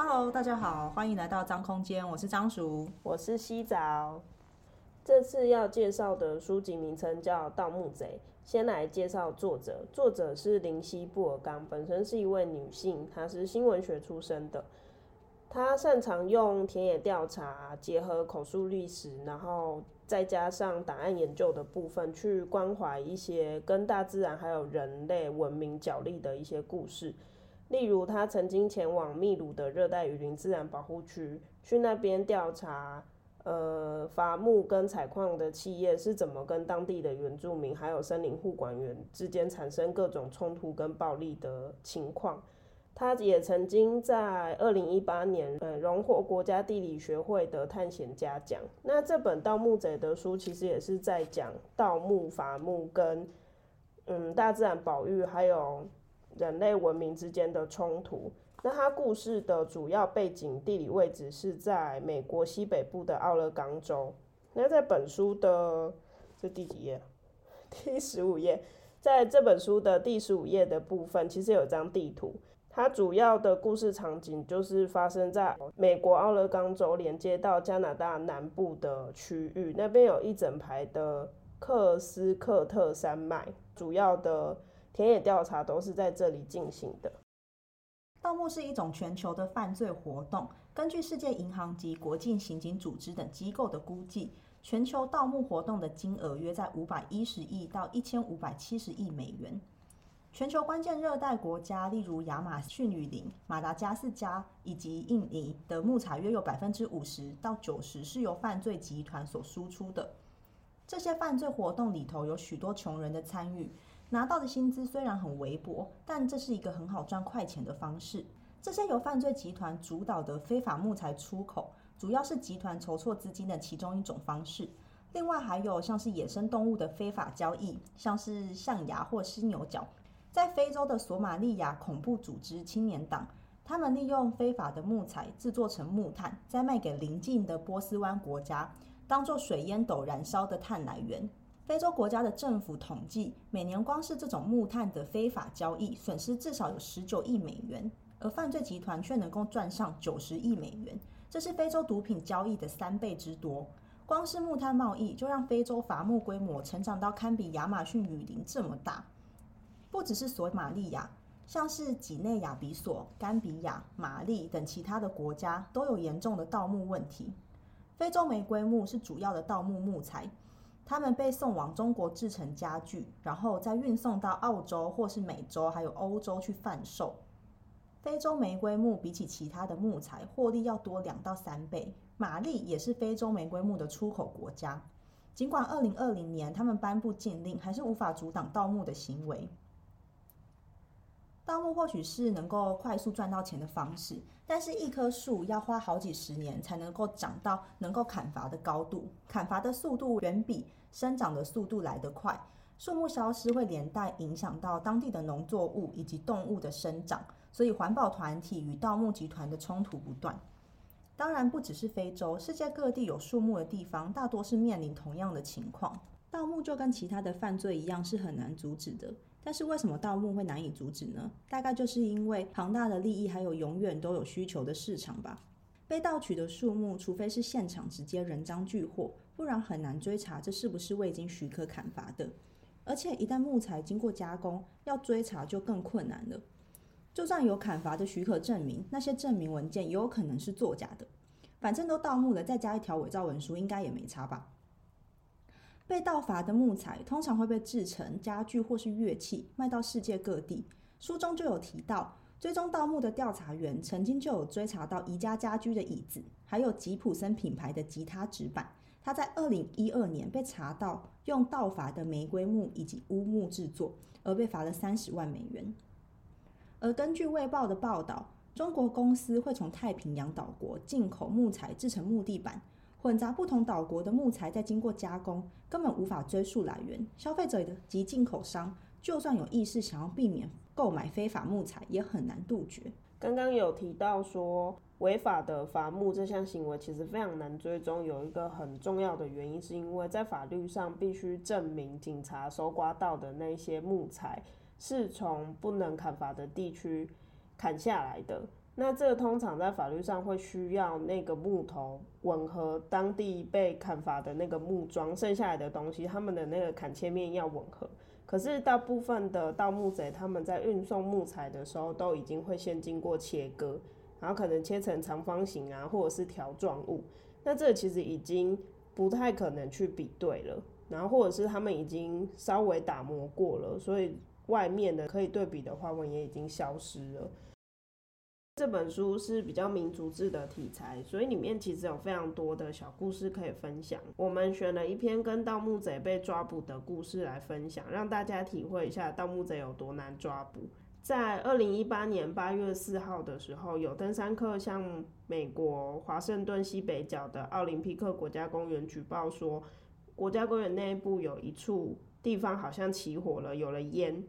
Hello，大家好，歡迎來到髒空間，我是髒叔，我是西早。這次要介紹的書籍名稱叫《盜木賊》，先來介紹作者，作者是林夕布爾岡，本身是一位女性，她是新聞學出身的，她擅長用田野調查結合口述歷史，然後再加上檔案研究的部分，去關懷一些跟大自然還有人類文明角力的一些故事。例如，他曾經前往秘魯的熱帶雨林自然保護區，去那邊調查，呃，伐木跟採礦的企業是怎麼跟當地的原住民還有森林護管員之間產生各種衝突跟暴力的情況。他也曾經在二零一八年，呃，榮獲國家地理學會的探險家獎。那這本《盜木賊》的書，其實也是在講盜木、伐木跟嗯，大自然保育還有。人類文明之間的衝突。那它，故事的主要背景地理位置是在美國西北部的奧勒岡州。那在本書的這第幾頁？第十五頁。在這本書的第十五頁的部分，其實有一張地圖。它主要的故事場景就是發生在美國奧勒岡州連接到加拿大南部的區域。那邊有一整排的喀斯克特山脈，主要的。田野調查都是在這裡進行的。盜木是一種全球的犯罪活動。根據世界銀行及國際刑警組織等機構的估計，全球盜木活動的金額約在五百一十億到一千五百七十億美元。全球關鍵熱帶國家，例如亞馬遜雨林、馬達加斯加以及印尼的木材，約有百分之五十到九十是由犯罪集團所輸出的。這些犯罪活動裡頭有許多窮人的參與。拿到的薪資雖然很微薄，但這是一個很好賺快錢的方式。這些由犯罪集團主導的非法木材出口，主要是集團籌措資金的其中一種方式。另外還有像是野生動物的非法交易，像是象牙或犀牛角。在非洲的索馬利亞恐怖組織青年黨，他們利用非法的木材製作成木炭，再賣給鄰近的波斯灣國家，當作水煙斗燃燒的炭來源。非洲國家的政府統計，每年光是這種木炭的非法交易，損失至少有十九億美元，而犯罪集團卻能夠賺上九十億美元，這是非洲毒品交易的三倍之多。光是木炭貿易，就讓非洲伐木規模成長到堪比亞馬遜雨林這麼大。不只是索馬利亞，像是幾內亞比索、甘比亞、馬利等其他的國家，都有嚴重的盜木問題。非洲玫瑰木是主要的盜木木材。他們被送往中國製成家具，然後再運送到澳洲或是美洲，還有歐洲去販售。非洲玫瑰木比起其他的木材，獲利要多兩到三倍。馬利也是非洲玫瑰木的出口國家，儘管二零二零年他們頒布禁令，還是無法阻擋盜木的行為。盜木或許是能夠快速賺到錢的方式，但是一棵樹要花好幾十年才能夠長到能夠砍伐的高度，砍伐的速度遠比生長的速度來得快。樹木消失會連帶影響到當地的農作物以及動物的生長，所以環保團體與盜木集團的衝突不斷。當然，不只是非洲，世界各地有樹木的地方，大多是面臨同樣的情況。盜木就跟其他的犯罪一樣，是很難阻止的。但是為什麼盜木會難以阻止呢？大概就是因為龐大的利益，還有永遠都有需求的市場吧。被盜取的樹木，除非是現場直接人贓俱獲，不然很難追查這是不是未經許可砍伐的。而且一旦木材經過加工，要追查就更困難了。就算有砍伐的許可證明，那些證明文件也有可能是作假的。反正都盜木了，再加一條偽造文書，應該也沒差吧。被盜伐的木材通常會被制成家具或是樂器，賣到世界各地。書中就有提到，追蹤盜木的調查員曾經就有追查到宜家家居的椅子，還有吉普森品牌的吉他指板。他在二零一二年被查到用盜伐的玫瑰木以及烏木制作，而被罰了三十萬美元。而根據《衛報》的報道，中國公司會從太平洋島國進口木材制成木地板。混雜不同島國的木材，再經過加工，根本無法追溯來源。消費者的及進口商，就算有意識想要避免購買非法木材，也很難杜絕。剛剛有提到說，違法的伐木這項行為其實非常難追蹤，有一個很重要的原因，是因為在法律上必須證明，警察搜刮到的那些木材是從不能砍伐的地區砍下來的。那這個通常在法律上會需要那個木頭吻合當地被砍伐的那個木樁剩下來的東西，他們的那個砍切面要吻合。可是大部分的盜木賊他們在運送木材的時候都已經會先經過切割，然後可能切成長方形啊，或者是條狀物。那這個其實已經不太可能去比對了。然後或者是他們已經稍微打磨過了，所以外面的可以對比的花紋也已經消失了。這本書是比較民族志的題材，所以裡面其實有非常多的小故事可以分享。我們選了一篇跟盜木賊被抓捕的故事來分享，讓大家體會一下盜木賊有多難抓捕。在二零一八年八月四號的時候，有登山客向美國華盛頓西北角的奧林匹克國家公園舉報說，國家公園內部有一處地方好像起火了，有了煙。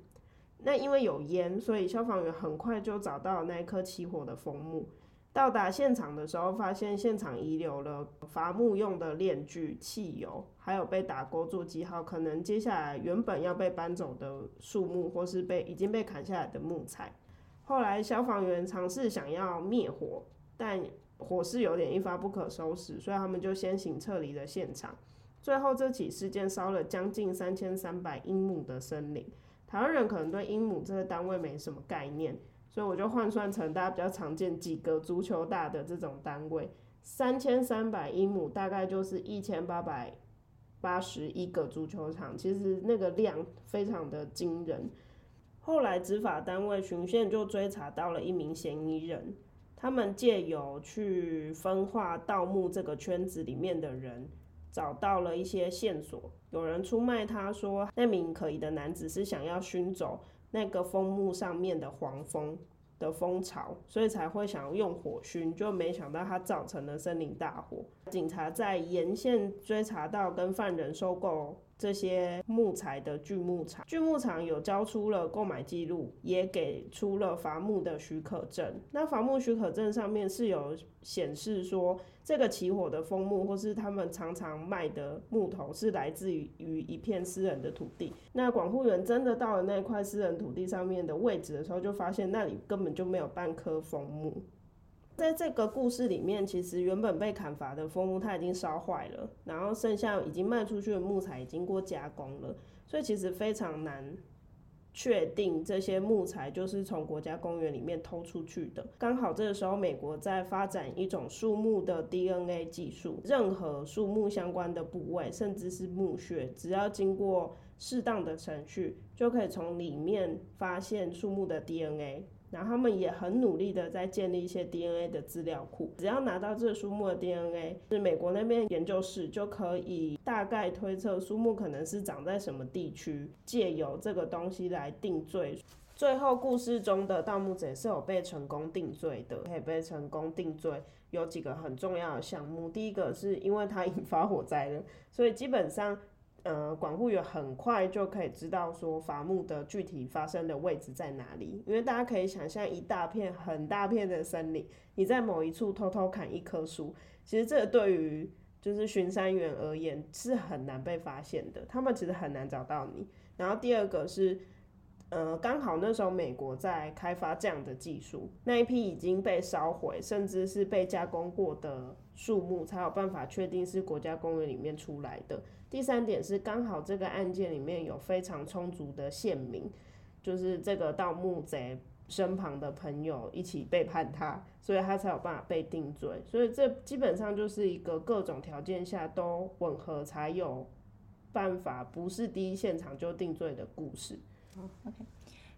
那因為有煙，所以消防員很快就找到了那一棵起火的楓木。到達現場的時候，發現現場遺留了伐木用的鏈鋸、汽油，還有被打勾做記號，可能接下來原本要被搬走的樹木或是被已經被砍下來的木材。後來消防員嘗試想要滅火，但火勢有點一發不可收拾，所以他們就先行撤離了現場。最後這起事件燒了將近三千三百英畝的森林。台灣人可能對英畝這個單位沒什麼概念，所以我就換算成大家比較常見幾個足球大的這種單位，三千三百英畝大概就是一千八百八十一個足球場，其實那個量非常的驚人。後來執法單位循線就追查到了一名嫌疑人，他們借由去分化盜木這個圈子裡面的人。找到了一些線索，有人出賣他說，那名可疑的男子是想要燻走那個楓木上面的黃蜂的蜂巢，所以才會想要用火燻，就沒想到他造成了森林大火。警察在沿線追查到跟犯人收購這些木材的鋸木廠，鋸木廠有交出了購買記錄，也給出了伐木的許可證。那伐木許可證上面是有顯示說。這個起火的楓木，或是他們常常賣的木頭，是來自於於一片私人的土地。那管護員真的到了那塊私人土地上面的位置的時候，就發現那裡根本就沒有半棵楓木。在這個故事裡面，其實原本被砍伐的楓木它已經燒壞了，然後剩下已經賣出去的木材已經過加工了，所以其實非常難，確定這些木材就是從國家公園裡面偷出去的。剛好這個時候，美國在發展一種樹木的 DNA 技術，任何樹木相關的部位，甚至是木屑，只要經過適當的程序，就可以從裡面發現樹木的 DNA。然後他們也很努力的在建立一些 DNA 的資料庫，只要拿到這個樹木的 DNA，是美國那邊研究室就可以大概推測樹木可能是長在什麼地區，借由這個東西來定罪。最後故事中的盜木賊是有被成功定罪的，可以被成功定罪，有幾個很重要的項目，第一個是因為它引發火災了，所以基本上。呃，管護員很快就可以知道說伐木的具體發生的位置在哪裡，因為大家可以想象一大片很大片的森林，你在某一處偷偷砍一棵樹，其實這對於就是巡山員而言是很難被發現的，他們其實很難找到你。然後第二個是，呃，剛好那時候美國在開發這樣的技術，那一批已經被燒毀甚至是被加工過的樹木，才有辦法確定是國家公園裡面出來的。第三點是，剛好這個案件裡面有非常充足的線民就是這個盜木賊身旁的朋友一起背叛他，所以他才有辦法被定罪。所以這基本上就是一個各種條件下都吻合才有辦法，不是第一現場就定罪的故事。好，OK。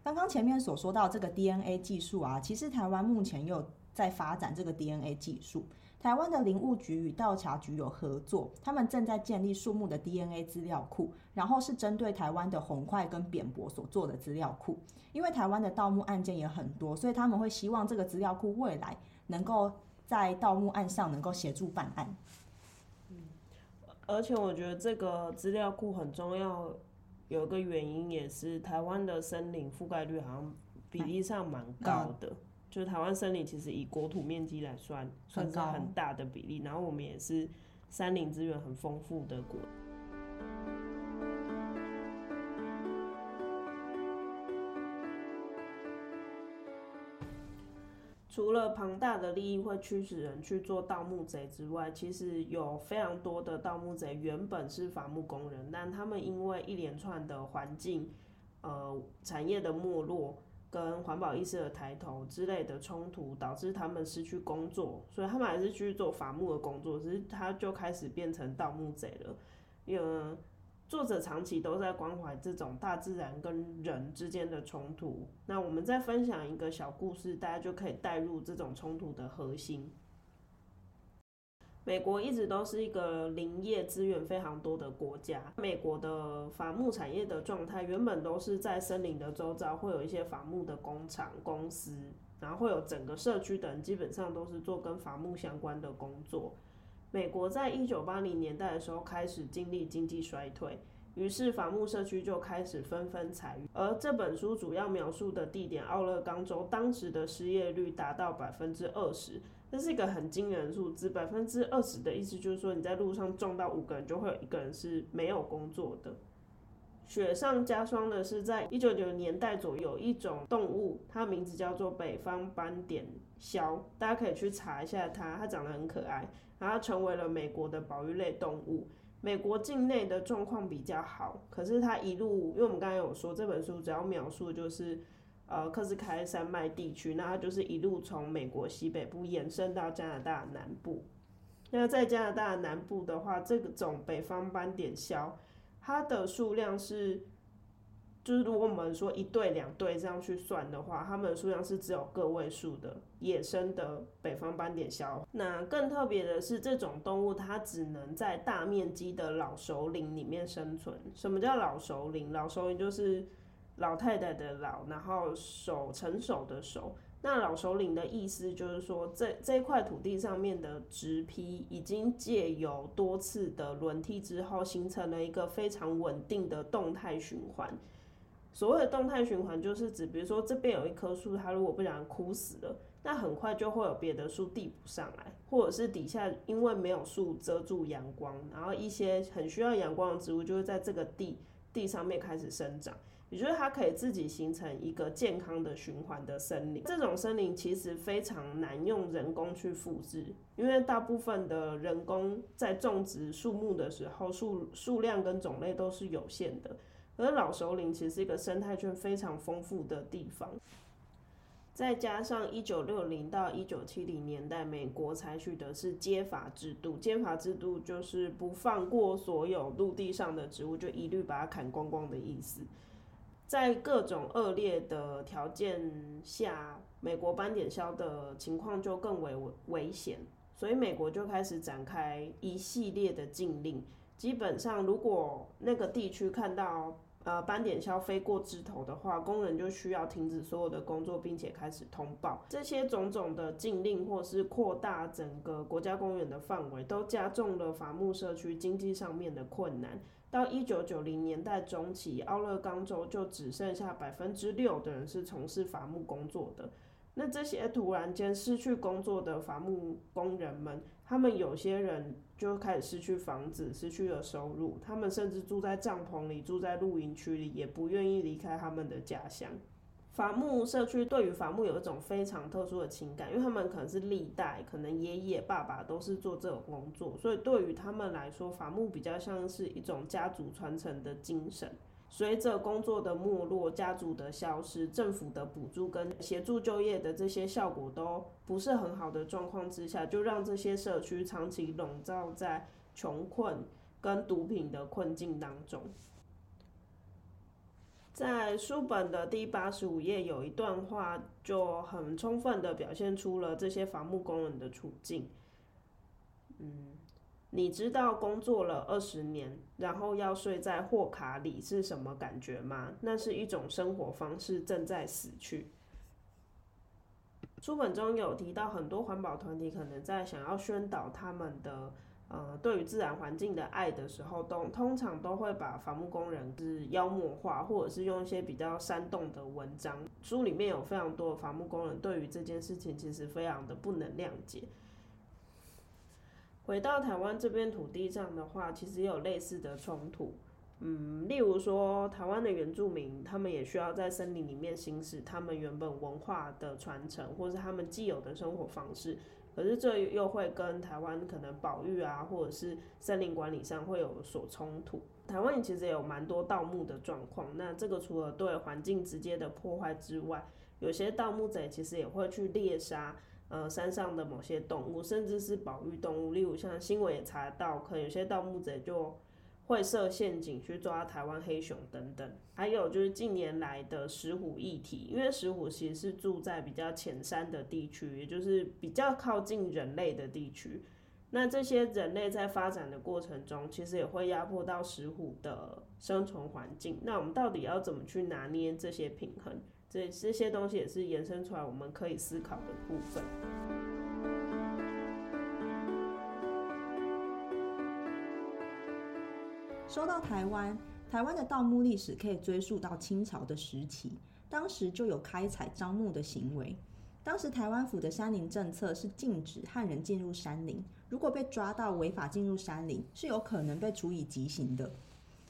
剛剛前面所說到這個 DNA 技術啊，其實台灣目前有在發展這個 DNA 技術。台灣的林務局與調查局有合作，他們正在建立樹木的 DNA 資料庫，然後是針對台灣的紅檜跟扁柏所做的資料庫。因為台灣的盜木案件也很多，所以他們會希望這個資料庫未來能夠在盜木案上能夠協助辦案。嗯，而且我覺得這個資料庫很重要，有一個原因也是台灣的森林覆蓋率好像比例上蠻高的。嗯就台灣森林其實以國土面積來算，算是很大的比例。然後我們也是山林資源很豐富的國。除了龐大的利益會驅使人去做盜木賊之外，其實有非常多的盜木賊原本是伐木工人，但他們因為一連串的環境，呃，產業的沒落。跟環保意識的抬頭之類的衝突，導致他們失去工作，所以他們還是去做伐木的工作，只是他就開始變成盜木賊了。呃，作者長期都在關懷這種大自然跟人之間的衝突。那我們再分享一個小故事，大家就可以帶入這種衝突的核心。美國一直都是一個林業資源非常多的國家。美國的伐木產業的狀態原本都是在森林的周遭會有一些伐木的工廠公司，然後會有整個社區等，基本上都是做跟伐木相關的工作。美國在1980年代的時候開始經歷經濟衰退。於是伐木社區就開始紛紛裁員，而這本書主要描述的地點，奧勒岡州當時的失業率達到百分之二十，這是一個很驚人數字。百分之二十的意思就是說，你在路上撞到五個人，就會有一個人是沒有工作的。雪上加霜的是，在一九九〇年代左右，有一種動物，它名字叫做北方斑點鴞，大家可以去查一下它，它長得很可愛，然後成為了美國的保育類動物。美國境內的狀況比較好，可是它一路，因為我們剛才有說這本書主要描述的就是，呃，科斯凱山脈地區，那它就是一路從美國西北部延伸到加拿大南部。那在加拿大南部的話，這種北方斑點鴞，它的數量是。就是如果我們說一對兩對這樣去算的話，它們的數量是只有個位數的野生的北方斑點鴞。那更特別的是，這種動物它只能在大面積的老熟林裡面生存。什麼叫老熟林？老熟林就是老太太的老，然後熟，成熟的熟。那老熟林的意思就是說，這這一塊土地上面的植批已經借由多次的輪替之後，形成了一個非常穩定的動態循環。所謂的動態循環，就是指，比如說這邊有一棵樹，它如果不想枯死了，那很快就會有別的樹遞補上來，或者是底下因為沒有樹遮住陽光，然後一些很需要陽光的植物就會在這個地地上面開始生長，也就是它可以自己形成一個健康的循環的森林。這種森林其實非常難用人工去複製，因為大部分的人工在種植樹木的時候，數數量跟種類都是有限的。而老熟林其實是一個生態圈非常豐富的地方，再加上一九六零到一九七零年代，美國採取的是皆伐制度。皆伐制度就是不放過所有陸地上的植物，就一律把它砍光光的意思。在各種惡劣的條件下，美國斑點鴞的情況就更為危險，所以美國就開始展開一系列的禁令。基本上，如果那個地區看到呃斑點鴞飛過枝頭的話，工人就需要停止所有的工作，並且開始通報。這些種種的禁令，或是擴大整個國家公園的範圍，都加重了伐木社區經濟上面的困難。到一九九零年代中期，奧勒岡州就只剩下百分之六的人是從事伐木工作的。那這些突然間失去工作的伐木工人們，他們有些人，就開始失去房子，失去了收入，他們甚至住在帳篷裡，住在露營區裡，也不願意離開他們的家鄉。伐木社區對於伐木有一種非常特殊的情感，因為他們可能是歷代可能爺爺、爸爸都是做這種工作，所以對於他們來說，伐木比較像是一種家族傳承的精神。隨着工作的沒落、家族的消失、政府的補助跟協助就業的這些效果都不是很好的狀況之下，就讓這些社區長期籠罩在窮困跟毒品的困境當中。在書本的第八十五頁有一段話，就很充分地表現出了這些伐木工人的處境。嗯。你知道工作了二十年，然後要睡在貨卡裡是什麼感覺嗎？那是一種生活方式正在死去。書本中有提到，很多環保團體可能在想要宣導他們的呃、對於自然環境的愛的時候，都通常都會把伐木工人是妖魔化，或者是用一些比較煽動的文章。書裡面有非常多伐木工人對於這件事情其實非常的不能諒解。回到台灣這邊，土地上的話，其實也有類似的衝突。嗯，例如說，台灣的原住民，他們也需要在森林裡面行使他們原本文化的傳承，或是他們既有的生活方式。可是這又會跟台灣可能保育啊，或者是森林管理上會有所衝突。台灣其實也有蠻多盜木的狀況。那這個除了對環境直接的破壞之外，有些盜木賊其實也會去獵殺。呃，山上的某些動物，甚至是保育動物，例如像新聞也查到，可能有些盜木賊就會設陷阱去抓台灣黑熊等等。還有就是近年來的石虎議題，因為石虎其實是住在比較淺山的地區，也就是比較靠近人類的地區。那這些人類在發展的過程中，其實也會壓迫到石虎的生存環境。那我們到底要怎麼去拿捏這些平衡？所以這些東西也是延伸出來我們可以思考的部分。說到台灣，台灣的盜木歷史可以追溯到清朝的時期，當時就有開採樟木的行為。當時台灣府的山林政策是禁止漢人進入山林，如果被抓到違法進入山林，是有可能被處以極刑的。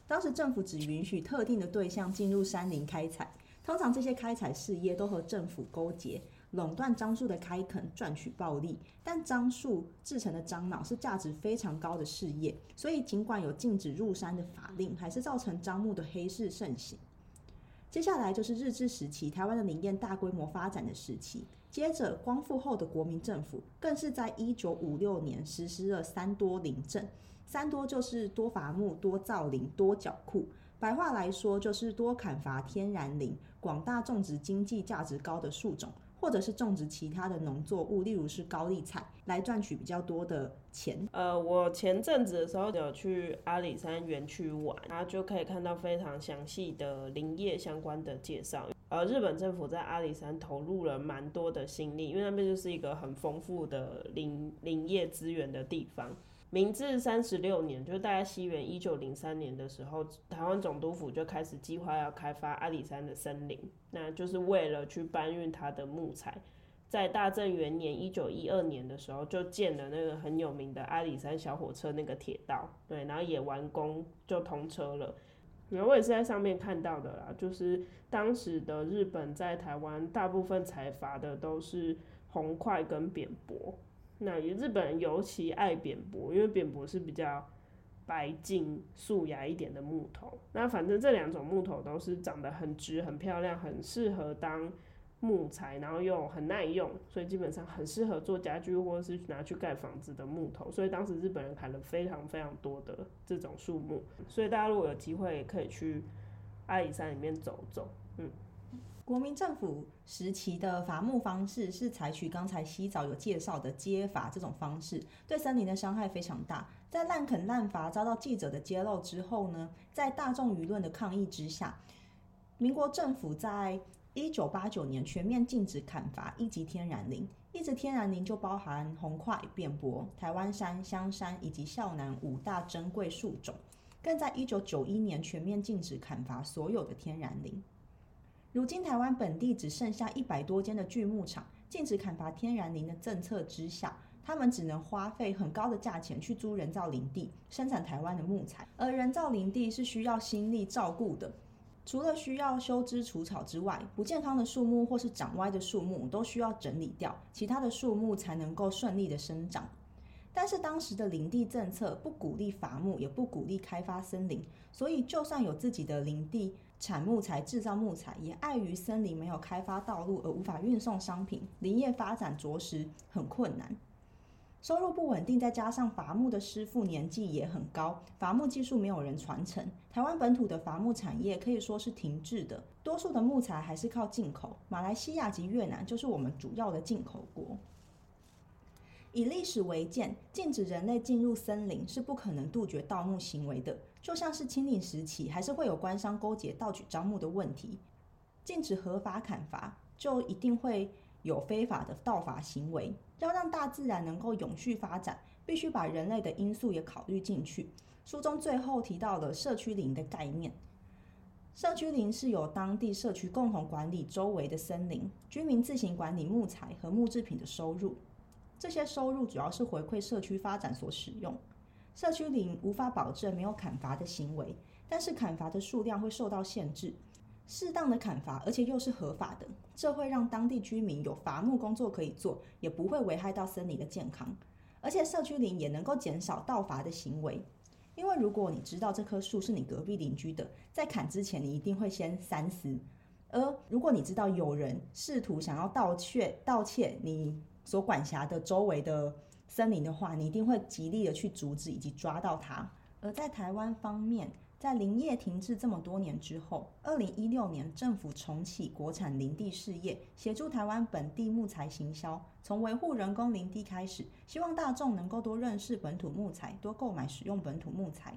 當時政府只允許特定的對象進入山林開採。通常這些開採事業都和政府勾結，壟斷樟樹的開墾，賺取暴利。但樟樹製成的樟腦是價值非常高的事業，所以儘管有禁止入山的法令，還是造成樟木的黑市盛行。接下來就是日治時期，台灣的林業大規模發展的時期。接着光復後的國民政府，更是在一九五六年實施了三多林政，三多就是多伐木、多造林、多繳庫。白話來說，就是多砍伐天然林，廣大種植經濟價值高的樹種，或者是種植其他的農作物，例如是高麗菜，來賺取比較多的錢。呃，我前陣子的時候有去阿里山園區玩，然後就可以看到非常詳細的林業相關的介紹。而、呃、日本政府在阿里山投入了蠻多的心力，因為那邊就是一個很豐富的林林業資源的地方。明治三十六年，就大概西元一九零三年的時候，台灣總督府就開始計劃要開發阿里山的森林，那就是為了去搬運它的木材。在大正元年一九一二年的時候，就建了那個很有名的阿里山小火車那個鐵道，對，然後也完工就通車了。然後我也是在上面看到的啦，就是當時的日本在台灣大部分採伐的都是紅檜跟扁柏。那也日本人尤其愛扁柏，因為扁柏是比較白淨素雅一點的木頭。那反正這兩種木頭都是長得很直、很漂亮、很適合當木材，然後又很耐用，所以基本上很適合做家具或者是拿去蓋房子的木頭。所以當時日本人砍了非常非常多的這種樹木。所以大家如果有機會，也可以去阿里山裡面走走。國民政府時期的伐木方式是採取剛才西早有介紹的皆伐這種方式，對森林的傷害非常大。在濫墾濫伐遭到記者的揭露之後呢，在大眾輿論的抗議之下，民國政府在一九八九年全面禁止砍伐一級天然林，一級天然林就包含紅檜、扁柏、台灣杉、香杉以及肖楠五大珍貴樹種。更在一九九一年全面禁止砍伐所有的天然林。如今台灣本地只剩下一百多間的鋸木廠，禁止砍伐天然林的政策之下，他們只能花費很高的價錢去租人造林地生產台灣的木材。而人造林地是需要心力照顧的，除了需要修枝除草之外，不健康的樹木或是長歪的樹木都需要整理掉，其他的樹木才能夠順利的生長。但是當時的林地政策不鼓勵伐木，也不鼓勵開發森林，所以就算有自己的林地，產木材、製造木材也礙於森林沒有開發道路而無法運送商品，林業發展着實很困難。收入不穩定，再加上伐木的師傅年紀也很高，伐木技術沒有人傳承，台灣本土的伐木產業可以說是停滯的。多數的木材還是靠進口，馬來西亞及越南就是我們主要的進口國。以歷史為鑑，禁止人類進入森林是不可能杜絕盜木行為的。就像是清領時期，還是會有官商勾結盜取樟木的問題。禁止合法砍伐，就一定會有非法的盜伐行為。要讓大自然能夠永續發展，必須把人類的因素也考慮進去。書中最後提到了社區林的概念，社區林是由當地社區共同管理周圍的森林，居民自行管理木材和木制品的收入，這些收入主要是回饋社區發展所使用。社區林無法保證沒有砍伐的行為，但是砍伐的數量會受到限制。適當的砍伐，而且又是合法的，這會讓當地居民有伐木工作可以做，也不會危害到森林的健康。而且社區林也能夠減少盜伐的行為，因為如果你知道這棵樹是你隔壁鄰居的，在砍之前你一定會先三思。而如果你知道有人試圖想要盜竊，盜竊你所管轄的周圍的，森林的話，你一定會極力的去阻止以及抓到它。而在台灣方面，在林業停滯這麼多年之後，二零一六年政府重啟國產林地事業，協助台灣本地木材行銷，從維護人工林地開始，希望大眾能夠多認識本土木材，多購買使用本土木材，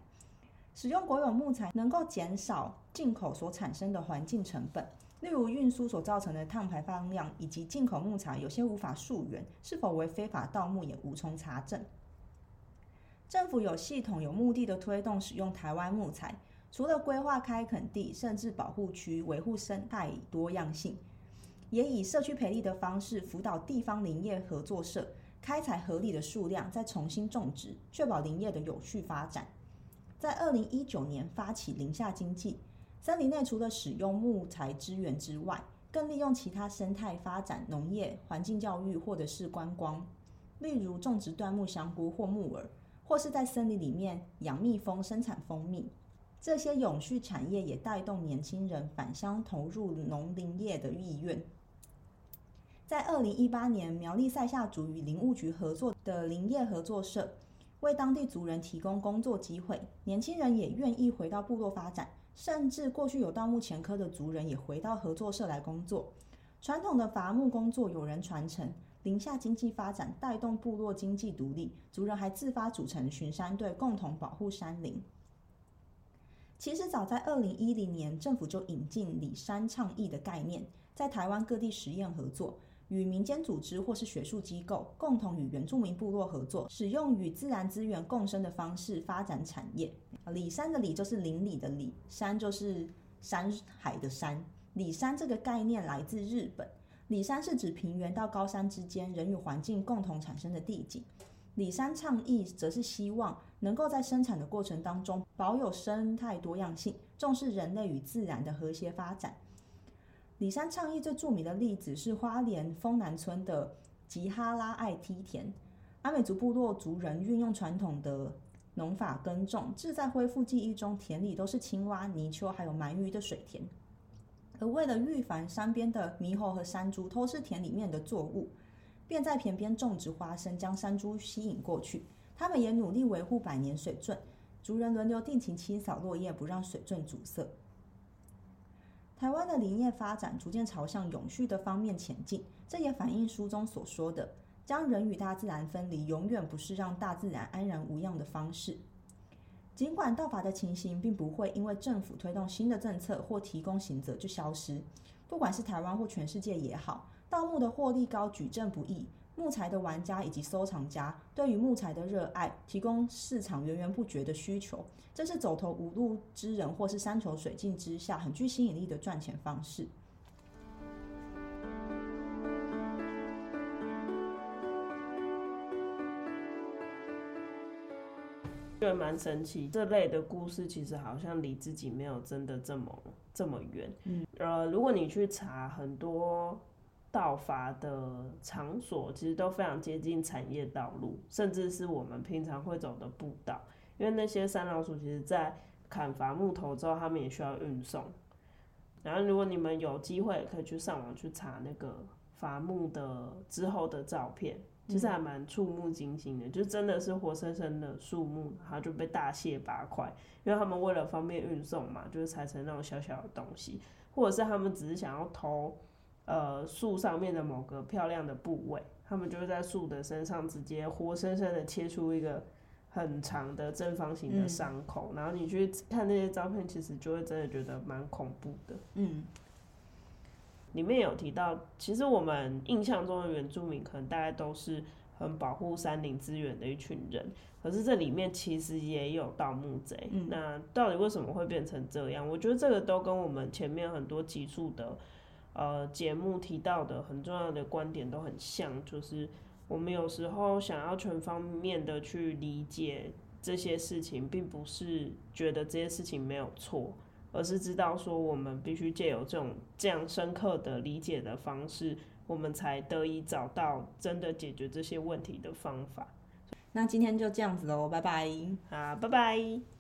使用國有木材能夠減少進口所產生的環境成本。例如運輸所造成的碳排放量，以及進口木材有些無法溯源，是否為非法盜木也無從查證。政府有系統、有目的的推動使用台灣木材，除了規劃開墾地甚至保護區，維護生態以多樣性，也以社區培力的方式輔導地方林業合作社開採合理的數量，再重新種植，確保林業的有序發展。在二零一九年發起林下經濟。森林內除了使用木材資源之外，更利用其他生態發展農業、環境教育或者是觀光。例如種植椴木香菇或木耳，或是在森林裡面養蜜蜂、生產蜂蜜。這些永續產業也帶動年輕人返鄉投入農林業的意願。在二零一八年，苗栗賽夏族與林務局合作的林業合作社，為當地族人提供工作機會，年輕人也願意回到部落發展。甚至過去有盜木前科的族人也回到合作社來工作。傳統的伐木工作有人傳承，林下經濟發展帶動部落經濟獨立，族人還自發組成巡山隊，共同保護山林。其實早在二零一零年，政府就引進里山倡議的概念，在台灣各地實驗合作。與民間組織或是學術機構共同與原住民部落合作，使用與自然資源共生的方式發展產業。里山的里就是鄰里的里，山就是山海的山。里山這個概念來自日本，里山是指平原到高山之間人與環境共同產生的地景。里山倡議則是希望能夠在生產的過程當中保有生態多樣性，重視人類與自然的和諧發展。里山倡議最著名的例子是花蓮豐南村的吉哈拉艾梯田，阿美族部落族人運用傳統的農法耕種，志在恢復記憶中田裡都是青蛙、泥鰍還有鰻魚的水田。而為了預防山邊的獼猴和山豬偷吃田裡面的作物，便在田邊種植花生，將山豬吸引過去。他們也努力維護百年水圳，族人輪流定期清掃落葉，不讓水圳阻塞。台灣的林業發展逐漸朝向永續的方面前進，這也反映書中所說的，將人與大自然分離，永遠不是讓大自然安然無恙的方式。儘管盜伐的情形並不會因為政府推動新的政策或提供刑責就消失，不管是台灣或全世界也好，盜木的獲利高，舉證不易。木材的玩家以及收藏家，對於木材的熱愛，提供市場源源不絕的需求，這是走投無路之人或是山窮水盡之下很具吸引力的賺錢方式。覺得蠻神奇，這類的故事其實好像離自己沒有真的這麼這麼遠。嗯，呃，如果你去查很多。盜伐的場所其實都非常接近產業道路，甚至是我們平常會走的步道。因為那些山老鼠其實，在砍伐木頭之後，他們也需要運送。然後，如果你們有機會，可以去上網去查那個伐木的之後的照片，嗯、其實還蠻觸目驚心的。就真的是活生生的樹木，然後就被大卸八塊，因為他們為了方便運送嘛，就是拆成那種小小的東西，或者是他們只是想要偷。呃，樹上面的某個漂亮的部位，他們就會在樹的身上直接活生生的切出一個很長的正方形的傷口。嗯，然後你去看那些照片，其實就會真的覺得蠻恐怖的。嗯，裡面有提到，其實我們印象中的原住民可能大概都是很保護山林資源的一群人，可是這裡面其實也有盜木賊。嗯。那到底為什麼會變成這樣？我覺得這個都跟我們前面很多集數的呃，節目提到的很重要的觀點都很像，就是我們有時候想要全方面的去理解這些事情，並不是覺得這些事情沒有錯，而是知道說我們必須借由這種這樣深刻的理解的方式，我們才得以找到真的解決這些問題的方法。那今天就這樣子嘍，拜拜啊，拜拜。好，拜拜。